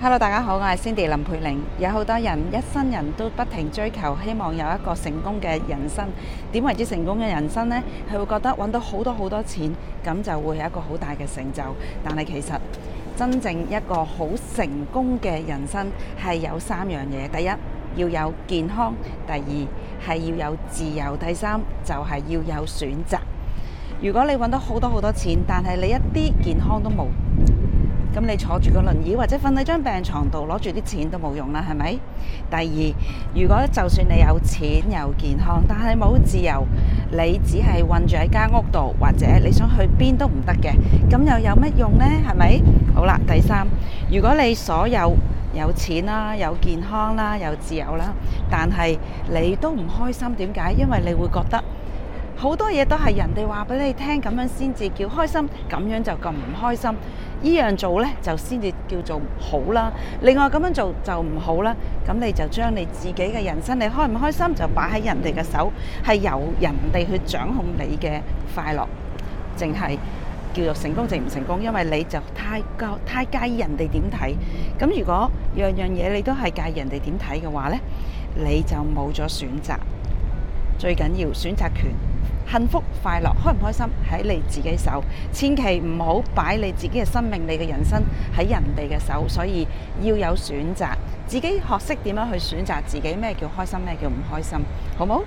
Hello，大家好，我係 Cindy 林佩玲。有好多人，一生人都不停追求，希望有一個成功嘅人生。點為之成功嘅人生呢？佢會覺得揾到好多好多錢，咁就會有一個好大嘅成就。但係其實真正一個好成功嘅人生係有三樣嘢，第一，要有健康；第二，係要有自由；第三，就係要有選擇。如果你揾到好多好多錢，但係你一啲健康都冇。咁你坐住個輪椅或者瞓喺張病床度，攞住啲錢都冇用啦，係咪？第二，如果就算你有錢有健康，但係冇自由，你只係困住喺間屋度，或者你想去邊都唔得嘅，咁又有乜用呢，係咪？好啦，第三，如果你所有有錢啦，有健康啦，有自由啦，但係你都唔開心，點解？因為你會覺得好多嘢都係人哋話俾你聽，咁樣先至叫開心，咁樣就咁唔開心。呢樣做呢，就先至叫做好啦。另外咁樣做就唔好啦。咁你就將你自己嘅人生，你開唔開心就擺喺人哋嘅手，係由人哋去掌控你嘅快樂，淨係叫做成功淨唔成功？因為你就太教太介意人哋點睇。咁如果樣樣嘢你都係介意人哋點睇嘅話呢，你就冇咗選擇，最緊要選擇權。幸福快樂開唔開心喺你自己手，千祈唔好擺你自己嘅生命、你嘅人生喺人哋嘅手，所以要有選擇，自己學識點樣去選擇自己咩叫開心，咩叫唔開心，好冇？